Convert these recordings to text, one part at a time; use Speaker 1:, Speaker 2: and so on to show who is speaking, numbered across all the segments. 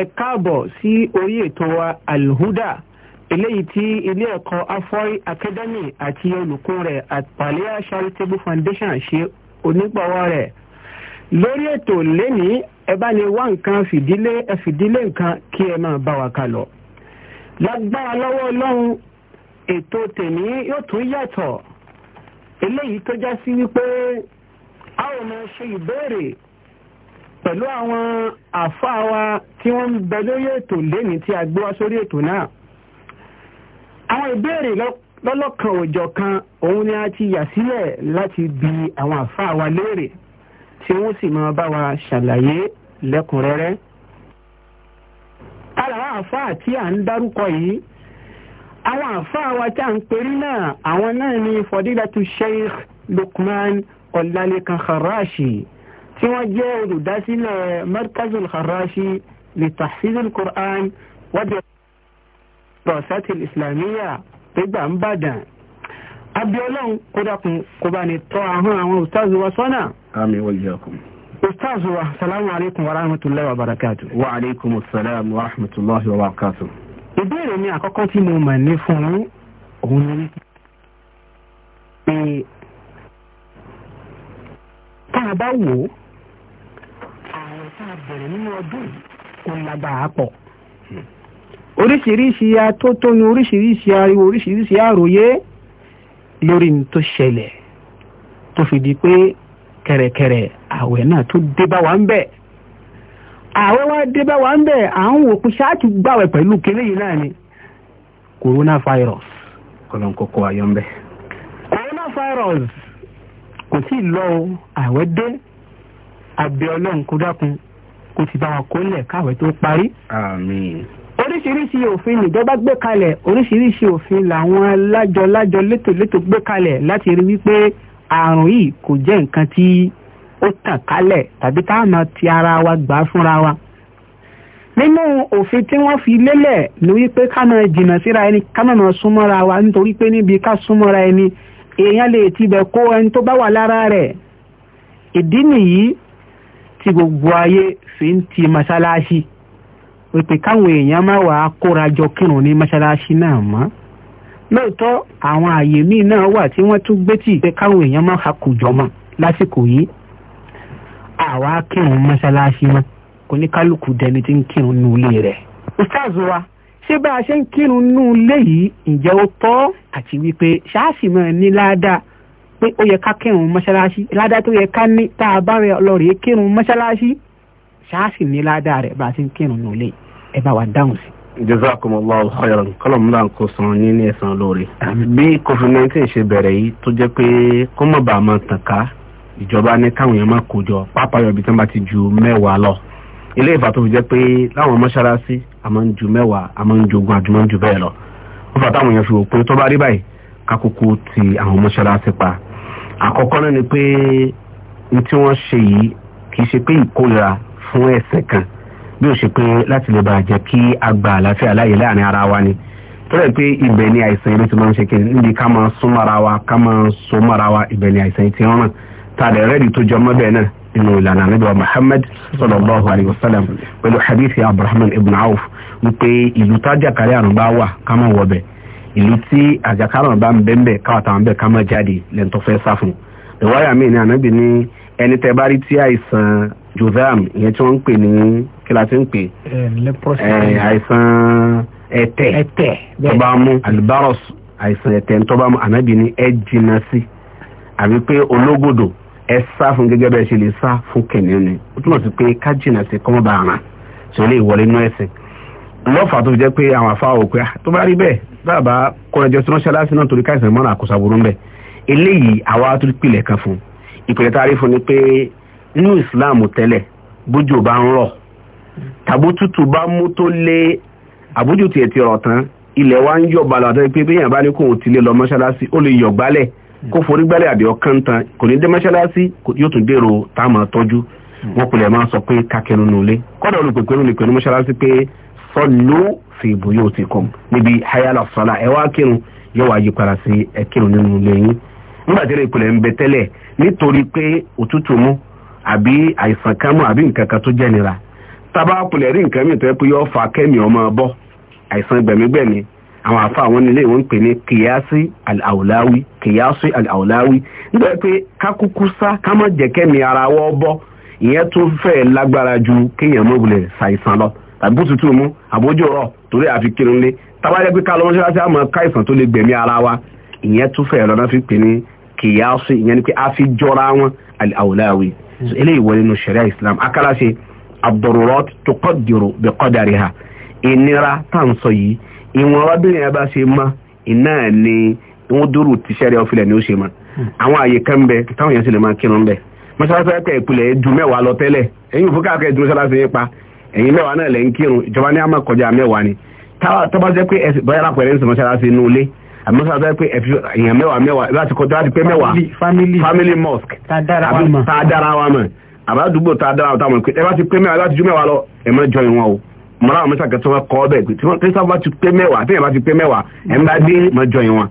Speaker 1: ẹ káàbọ̀ sí orí ètò alhuda eléyìí tí ilé ẹ̀kọ́ afọ́rí academy àti olùkọ́ rẹ̀ àtàlẹ́yà charitable foundation ṣe onígbọ̀wọ́ rẹ̀ lórí ètò lẹ́ni ẹ bá ní wá nǹkan fìdílé ẹ fìdílé nǹkan kí ẹ máa bá wa kà lọ. lágbára lọ́wọ́ ọlọ́run ètò tèmi yóò tún yàtọ̀ eléyìí tó já sí wípé a ò máa ṣe ìbéèrè pẹ̀lú àwọn àfáà wa tí wọ́n ń bẹ lórí ètò lẹ́ni tí a gbé wá sórí ètò náà àwọn ìbéèrè lọ́lọ́kan òjọ̀ kan òun ni a ti yà sílẹ̀ láti bi àwọn àfáà wa léèrè tí wọ́n sì máa bá wa ṣàlàyé lẹ́kùnrẹ́rẹ́ ara àwọn àfáà tí à ń dárúkọ yìí àwọn àfáà wa tí à ń perí náà àwọn náà ni fọdílàtú Sheikh Lukman Ọlálékan Kharashi tí wọ́n jẹ́ olùdásílẹ̀ markazul kharashi li tahfizil quran wàdí rọ̀sátìl islamiyya gbígbà ń bàdàn abiola kó dákun kó bá ní tọ́ ahọ́n àwọn ustaz wa sọ́nà. àmín wa iyyakum. ustaz wa salamu alaykum wa rahmatulahi wa barakatu. wa alaykum salaam wa rahmatulahi wa barakatu. ìbéèrè mi àkọ́kọ́ tí mo mọ̀ ní fún òun ni pé tá a bá wò ó tá a bẹ̀rẹ̀ nínú ọdún kò lágbára pọ̀ oríṣiríṣi atótónu oríṣiríṣi ariwo oríṣiríṣi àròyé lórí ní tó ṣẹlẹ̀ tó fi di pé kẹ̀rẹ̀kẹ̀rẹ̀ àwẹ̀ náà tó dé bá wa ń bẹ̀ àwẹ̀ wa dé bá wa ń bẹ̀ à ń wò pé ṣáàtì gbàwẹ̀ pẹ̀lú kéré yìí náà ni coronavirus kọlọ́nkókó ayọ́ ń bẹ̀ coronavirus kò tí ì lọ àwẹ̀ dé àbẹ̀ ọlọ́run kó dákun kó sì bá wa kó lẹ̀ káwé tó parí. oríṣiríṣi òfin nìjọba gbé kalẹ̀ oríṣiríṣi òfin làwọn lájọ létòlétò gbé kalẹ̀ láti rí wípé àrùn yìí kò jẹ́ nǹkan tí ó tàn kálẹ̀ tàbí tá ti ara wa gbà fúnra wa. nínú òfin tí wọ́n fi lélẹ̀ ni wípé ká máa jìnnà síra ẹni ká máa súnmọ́ra wa nítorí pé níbi ká súnmọ́ra ẹni èèyàn lè tibẹ̀ kó ẹni tó bá wà lára rẹ̀ ìdí nìyí tí gbogbo ayé fi ń ti mọ́ṣáláṣí pèpè káwọn èèyàn má wàá kóra jọ kírun ní mọ́ṣáláṣí náà mọ́ lóòótọ́ àwọn àyè míì náà wà tí wọ́n tún gbé tì pé káwọn èèyàn má hakùjọ mọ́ lásìkò yìí àwa kírun mọ́ṣáláṣí mọ́ kò ní kálukú dẹni tí ń kírun nù ilé rẹ̀. ustaz wa ṣé bá a ṣe ń kírun nù ilé yìí ǹjẹ́ ó tọ́ àti wípé ṣáàṣì máa ní ládàá pé ó yẹ ká kírun mọ́ṣáláṣí ládá tó yẹ ká ní tá a bá rẹ ọlọ́rẹ̀ kírun mọ́ṣáláṣí ṣáàṣì ní ládá rẹ̀ bá a ti ń kírun nílé ẹ bá wa dáhùn sí. jazakumullahu khairan kọlọmù náà kò san ní ní ẹ̀san olóore. bí covid nineteen ṣe bẹ̀rẹ̀ yìí tó jẹ́ pé kó mọ̀ bá a máa tàn ká ìjọba ní káwọn èèyàn máa kó jọ pápá yọ ibi tí wọ́n bá ti ju mẹ́wàá lọ ilé ìfà tó fi jẹ́ pé láwọn mọ́ṣáláṣí a ń ju mẹ́wàá a ń jogun àjùmọ̀ ń ju bẹ́ẹ̀ lọ wọ́n fà táwọn èèyàn fi wò pé tó bá rí báyìí kákòókò ti àwọn mọ́ṣáláṣí pa àkọ́kọ́ náà ni pé ní tí wọ́n ṣe yìí kì í ṣe pé ìkórira fún ẹ̀sìn kan bí ó ṣe pé láti lè bàa jẹ́ kí a gba àlàáfíà láàyè láàrin ara wa ni tọ́lẹ̀ pé ibẹ̀ ni àìsàn ilé ti máa ń ṣe kiri níbi ká máa sún mara wa ká máa so mara wa ibẹ̀ ni àìsàn ti rán tàdé rẹ́ẹ̀dì tó jọ mọ́bẹ̀ náà nínú ìlànà níbi wa Muhammad sallallahu alayhi wa sallam pẹ̀lú hadith Abdurrahman ibn Auf wípé ìlú tájà kárí àrùn bá wà ká máa wọ̀ bẹ́ẹ̀ ìlú tí àjàkáràn bá ń bẹ́ńbẹ̀ káwọn táwọn bẹ́ẹ̀ ká má jáde lẹ́ńtọ́ fẹ́ sá fún un ìwáyà mi ní ànábì ní ẹni tẹ bá rí tí àìsàn jozam ìyẹn tí wọ́n ń pè ní kí la ti ń pè eh, eh, àìsàn ẹ̀tẹ̀ tó bá mú alibaros àìsàn ẹ̀tẹ̀ tó bá mú ànábì ní ẹ jìnnà sí àbí pé ológòdò ẹ sá fún gẹ́gẹ́ bẹ́ẹ̀ ṣe lè sá fún kìnìún ó túmọ̀ sí pé ká bàbá kọ́nẹjọ tí wọ́n ṣaláṣí náà torí káìsàn mọ́ra àkóso àbúrò ń bẹ̀ eléyìí àwa tó pìlẹ̀ kan fún ìpìlẹ̀ tá a rí fún ni pé nínú Islam tẹ́lẹ̀ bójú bá ń rọ̀ tàbótútù bá mú tó lé àbójú tiẹ̀ ti rọ̀ tán ilẹ̀ wa ń yọ̀bà lọ àtàrí pé bíyàn bá ní kóun ti lé lọ mọ́ṣáláṣí ó lè yọ̀gbálẹ̀ kó forí gbálẹ̀ àbí ọkàn tan kò ní dé mọ́ṣáláṣí yóò tún dèrò táwọn tọ́jú wọn kò máa sọ pé kákẹ́nu nulẹ̀ kọ́dọ̀ olùpèpè nù ní sallu fi buyutikum níbi hayala sọlá ẹ wá kírun yóò wá yí padà sí ẹ kírun nínú ilé yín nígbà tí ìpìlẹ̀ ń bẹ tẹ́lẹ̀ nítorí pé òtútù mú àbí àìsàn kan mú àbí nǹkan kan tó jẹ́ nira tábà pìlẹ̀ rí nǹkan mìíràn tó yẹ pé yóò fa kẹ́mi ọmọ bọ́ àìsàn gbẹ̀mígbẹ̀mí àwọn afa àwọn ilé ìwọ̀n ń pè ní kìyàsí al-awlawi kìyàsí al-awlawi nígbà pé kákúkú sá ká má jẹ́ kẹ́mi ara wọ́ bọ́ ìyẹn tó fẹ́ lágbára ju kéèyàn mọ̀wulẹ̀ ṣàìsàn lọ àbútútù mú àbójú rọ̀ torí àfi kírun lé tábàjẹ́ pé ká lọ mọ́ṣáláṣí àmọ́ ká ìsàn tó lè gbẹ̀mí ara wa ìyẹn tún fẹ̀ lọ́nà fi pè ní kìyàsí ìyẹn ni pé a fi jọra wọn àwòláwì eléyìí wọlé nu sẹ̀ríà Islam akálàṣe ad-darurat tuqaddiru biqadariha ìnira tá à ń sọ yìí ìwọ̀n ọdún yẹn bá ṣe mọ́ iná ni wọ́n dúró ti sẹ́rí ọ́fílẹ̀ ni ó ṣe mọ́ àwọn àyè kan bẹ táwọn yẹn sì lè máa kírun bẹ mọ́ṣáláṣí ẹ̀ka ẹ̀yin mẹ́wàá náà lẹ̀ ń kírun ìjọba ní àmọ́ kọjá mẹ́wàá ni tọ́ba jẹ́ pé bọ́yá lápẹ̀rẹ́ ń sọ mọ́ṣáláṣí inú ilé àmọ́sáàtọ́ pé èèyàn mẹ́wàá mẹ́wàá láti kọjá láti pé mẹ́wàá family mosque tàdára wa mọ̀ àbádùgbò tàdára wa táwọn ẹ bá ti pé mẹ́wàá láti ju mẹ́wàá lọ ẹ má join wọn o mọ́ra àwọn mẹ́sàkẹ́ tó wọ́n kọ́ ọ bẹ́ẹ̀ tí wọ́n ti pé mẹ́wàá tẹ́yìn bá ti pé mẹ́wàá ẹ ń bá dé má join wọn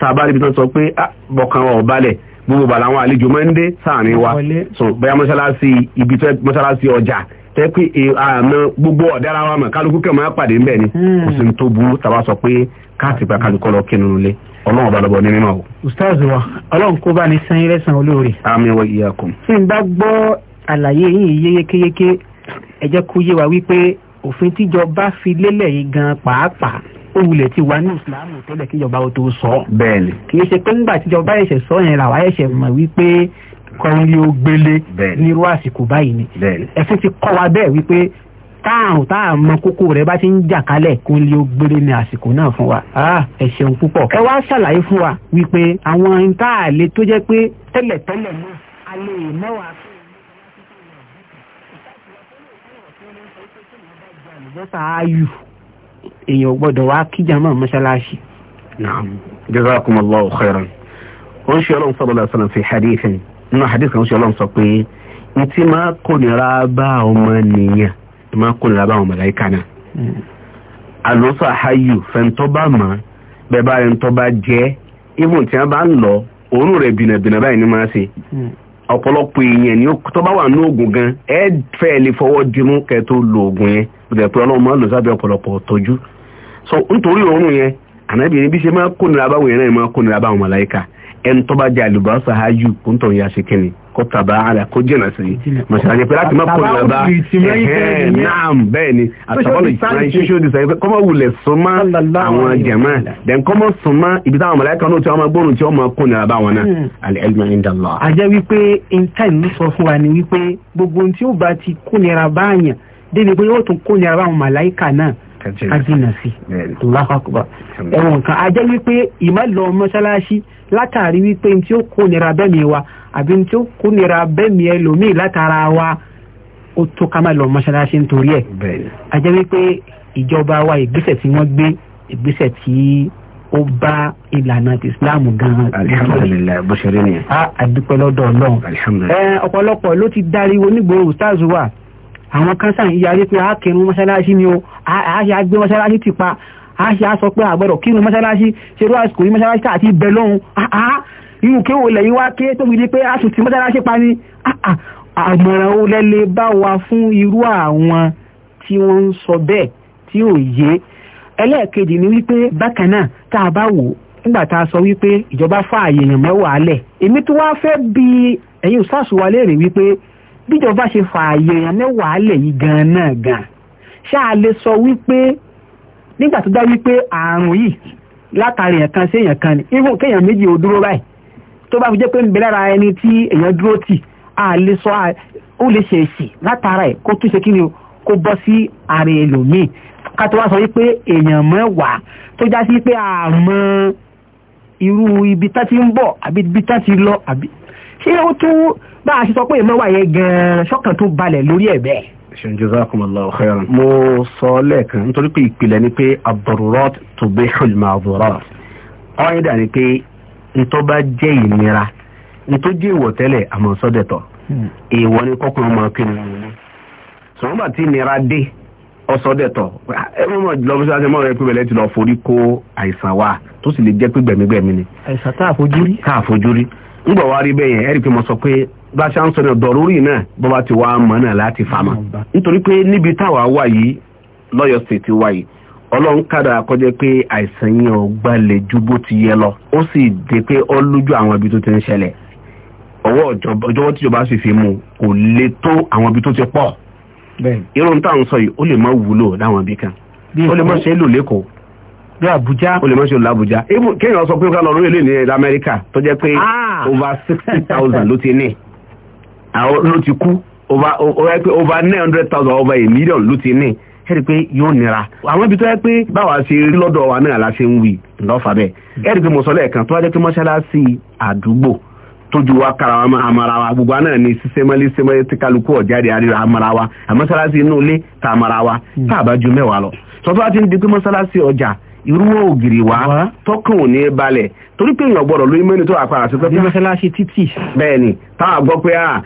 Speaker 1: a bá rí ibi tán gbogbo bàlá àwọn àlejò máa ń dé sáàrin wa bẹ́ẹ̀ mọ́ṣáláṣí ibi tó mọ́ṣáláṣí ọjà tẹ́ pé àmọ́ gbogbo ọ̀dára wa mọ̀ kálukú kẹ́ máa pàdé ńbẹ̀ ni hmm. kò sí tó burú tàbá sọ pé káàtì gba kálukú lọ kínú lé ọlọ́run ọba lọ́bọ ní mímọ́ o. ustaz wa ọlọ́run kó bá ní san ilé san olóore. àmín wa iyyakum. tí n bá gbọ́ àlàyé yìí yé yékéyéké ẹ jẹ́ kó yé wa wípé òfin tíjọba fi lélẹ̀ yìí gan pàápàá ó wulẹ̀ ti wà ní ìsìlámù tẹ́lẹ̀ kíjọba ó tó sọ. bẹ́ẹ̀ni. kì í ṣe pé ńgbà tíjọba ẹ̀ṣẹ̀ sọ yẹn làwọn ẹ̀ṣẹ̀ mọ̀ wípé kọrin yóò gbélé nírú àsìkò báyìí ni. ẹ̀sìn ti kọ́ wa bẹ́ẹ̀ wípé táàrùn táàrùn mọ kókó rẹ̀ bá ti ń jà kálẹ̀ kó lè ó gbélé ní àsìkò náà fún wa. ẹ ṣeun púpọ̀. ẹ wá ṣàlàyé fún wa wípé àwọn ìtaàlẹ tó jẹ́ pé tẹ́lẹ̀tẹ́lẹ̀ náà a lè mẹ́wàá àlùbọ́sà ayù èèyàn gbọ́dọ̀ wá kíjà mọ́ mọ́ṣáláṣí. jazakumullahu khairan wọ́n ṣe ọlọ́run sallallahu alaihi wasallam fi hadith nínú hadith kan ṣe ọlọ́run sọ pé ní tí máa kónira bá ọmọ nìyàn máa kónira bá ọmọ láìka náà hmm. àlọ́sọ àháyù fẹ́ntọ́ bá mọ̀ bẹ́ẹ̀ bá rẹ̀ ń tọ́ bá jẹ́ ibùn tí wọ́n bá ń lọ òórùn rẹ̀ bìnàbìnà báyìí ni máa ṣe hmm ọ̀pọ̀lọpọ̀ èèyàn ni tó bá wà ní oògùn gan ẹ fẹ́ lè fọwọ́ dimú kẹ́ tó lo oògùn yẹn bẹ̀rẹ̀ pé ọlọ́run máa lò sábẹ́ ọ̀pọ̀lọpọ̀ tọ́jú so nítorí òórùn yẹn ànábì ní bí ṣe máa kónira báwọn yẹn náà máa kónira báwọn màláìka ẹni tó bá jẹ àlùbọ́sà ájú kó ń tọ̀ ya ṣe kíni kó tàbá àlà kó jìnà sí mọ̀ṣáláṣí pé láti má kó lọ bá naam bẹ́ẹ̀ ni àtàbọ̀lù ìsìnkú ṣíṣe òdì sọ kọ́ wulẹ̀ súnmọ́ àwọn jẹ̀mọ́ then kọ́ mọ̀ súnmọ́ ibi táwọn mọ̀láìkà náà tí wọ́n máa gbóòrùn tí wọ́n máa kó bá wọn náà alẹ́ ẹ̀dùn ẹ̀dùn lọ. a jẹ́ wípé intan sọ fún wa ni wípé gbogbo kájínà sí Allahu Akbar ẹ̀wọ̀n nǹkan ajẹ́ wípé ìmọ̀lọ mọ́ṣáláṣí látàrí wípé tí ó kó nira bẹ́mi wa àbí tí ó kó nira bẹ́mi ẹlòmíì látara wa ó tó ká má lọ nítorí ẹ̀ ajẹ́ wípé ìjọba wa ìgbésẹ̀ tí wọ́n gbé ìgbésẹ̀ tí ó bá ìlànà ti islam gan-an. alihamudulilayi bó ṣe rí nìyẹn. a àdúpẹ́ lọ́dọ̀ ọlọ́run. ọ̀pọ̀lọpọ̀ ló ti dariwo nígboro ustaz wa àwọn kan sáà ń yarí pé a kẹrun mọ́ṣáláṣí ni o a ṣe agbé mọ́ṣáláṣí ti pa a ṣe a sọ pé àgbọ̀dọ̀ kírun mọ́ṣáláṣí ṣe rú àsìkò yí mọ́ṣáláṣí tà àti ibẹ̀ lọ́hun àá irú kí wò lẹ́yìn wá ké tó fi di pé a sì ti mọ́ṣáláṣí pa ni àmọ̀ràn ó lẹ́lẹ́ bá wa fún irú àwọn tí wọ́n ń sọ bẹ́ẹ̀ tí ò yé ẹlẹ́ẹ̀kejì ni wípé bákan náà tá a bá wò nígbà tá a sọ wípé ìjọba fààyè èèyàn mẹ́wàá lẹ̀ èmi tó wá fẹ́ bi ẹ̀yin òṣàṣùwálẹ̀ rè wípé bíjọba ṣe fààyè èèyàn mẹ́wàá lẹ̀ yìí gan-an náà gan ṣáà lè sọ wípé nígbà tó dá wípé àrùn yìí látàrí èèyàn kan sí èèyàn kan ni even kéèyàn méjì ò dúró báyìí tó bá fi jẹ́ pé ń bẹ lára ẹni tí èèyàn dúró tì á lè sọ ó lè ṣe èsì látara ẹ̀ kó tún ṣe kí ni kó bọ́ sí ààrẹ ẹlòmíì ká tó wá sọ wípé èèyàn mẹ́wàá tó já sí pé àmọ́ irú ibi tá ti ń bọ̀ àbí ibi tá ti lọ àbí ṣé ó tún bá a ṣe sọ pé ìmọ̀ wà yẹn gan-an ṣọ́kàn tó balẹ̀ lórí ẹ̀ bẹ́ẹ̀. ṣe jazakumullahu khairan mo sọ lẹ́ẹ̀kan nítorí pé ìpìlẹ̀ ni pé ad-darurat tubihul ma'dhurat àwọn yẹn dà ní pé ntọ́ bá jẹ́ ìnira ntọ́ jẹ́ ìwọ̀ tẹ́lẹ̀ àmọ́ sọ́dẹ̀tọ̀ hmm. èèwọ̀ ni kọ́kùnrin máa kí ni sọ̀rọ̀ bá ti nira dé ngbọ̀ wá rí bẹ́yẹn ẹ̀rí pé mo sọ pé bá a ṣe ń sọ ní ọ̀dọ̀rúurì náà bó bá ti wá mọ̀ náà láti fàmà nítorí pé níbi táwa wà yìí lọ́yọ̀ state wà yìí ọlọ́run kádà kọjá pé àìsàn yẹn ò gbalẹ̀ ju bó ti yẹ lọ ó sì dé pé ó lójú àwọn ibi tó ti ń ṣẹlẹ̀ ọwọ́ ìjọba tíjọba sì fi mú kò le tó àwọn ibi tó ti pọ̀ irun táwọn sọ yìí ó lè má wúlò láwọn ibi kan ó lè má ṣe é lò lẹ́kọ̀ọ́ bí Abuja. o lè mọ́ṣẹ́ olú Abuja kéèyàn sọ pé ó ká lọ orílẹ̀ ní ilẹ̀ Amẹ́ríkà tó jẹ́ pé ah. over sixty thousand ló ti ní ló ti kú over nine hundred thousand over a million ló ti ní ẹ rí i pé yóò nira àwọn ibi tó yẹ pé báwa ṣe rí lọ́dọ̀ wa náà la ṣe ń wí lọ́fà bẹ́ẹ̀ ẹ rí i pé mo sọ lẹ́ẹ̀kan tó bá jẹ́ pé mọ́ṣáláṣí àdúgbò tójú wa kára wa amara wa gbogbo àná ni sísẹ́mọ́lé sísẹ́mọ́lé tí kálukú ọ̀jáde àríra amara wa àmọ́ṣáláṣí inú ilé hmm. tá amara wa tá àbájú mẹ́wàá lọ sọ tó bá ti ń mọ́ṣáláṣí ọjà irú ògiri wa tọkàn ò ní balẹ̀ torí pé èèyàn gbọ́dọ̀ lóyún mẹ́rin tó àpàrà sí pẹ́pẹ́. bí mọ́ṣáláṣí títì. bẹ́ẹ̀ni táwa gbọ́ pé ah,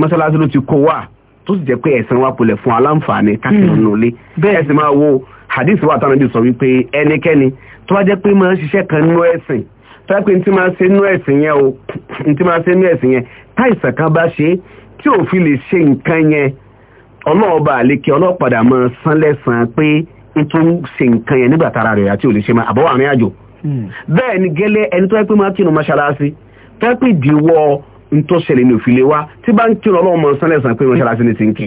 Speaker 1: mọ́ṣáláṣí ló ti kó wa tó sì jẹ́ pé ẹ̀sìn wa kulẹ̀ fún aláǹfààní káàkiri hmm. nulẹ̀ bẹ́ẹ̀ sì máa wo hadith wa tánà bí sọ wípé ẹnikẹ́ni tó bá jẹ́ pé máa ń ṣiṣẹ́ kan nú ẹ̀sìn tó bá pé ní ti máa ṣe nú ẹ̀sìn yẹn táìsàn kan bá ṣe tí òfin lè ṣe nǹkan yẹn ọlọ́ọ̀ba àlekè ọlọ́pàdà máa san lẹ́sàn-án pé ń tó ń ṣe nǹkan yẹn nígbà tara rẹ̀ àti ò lè ṣe máa àbọ̀wọ̀ àrin àjò hmm. bẹ́ẹ̀ ni gẹ́lẹ́ ẹni tó yẹ pé máa kírun mọ́ṣáláṣí tó yẹ pé ìdíwọ́ ntọ́sẹ̀lẹ̀ ní òfìlẹ̀ wa tí bá ń kírun ọlọ́run mọ̀ sánlẹ̀ sàn pé mọ́ṣáláṣí ni ti ń kí.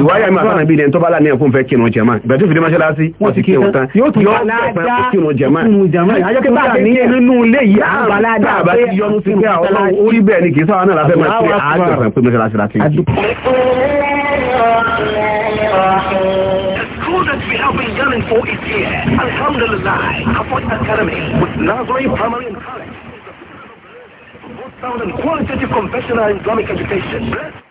Speaker 1: ìwáyà mi àtàwọn ibi ilẹ̀ bá láàrin ẹ̀kún fẹ́ kírun jẹ̀má ìgbà tó fìdí mọ́ṣáláṣí wọ́n ti kírun tán máa ṣe that we have been gunning for is here. Alhamdulillah, Kafat Academy with Nazari Primary and College. Both sound and qualitative conventional Islamic education.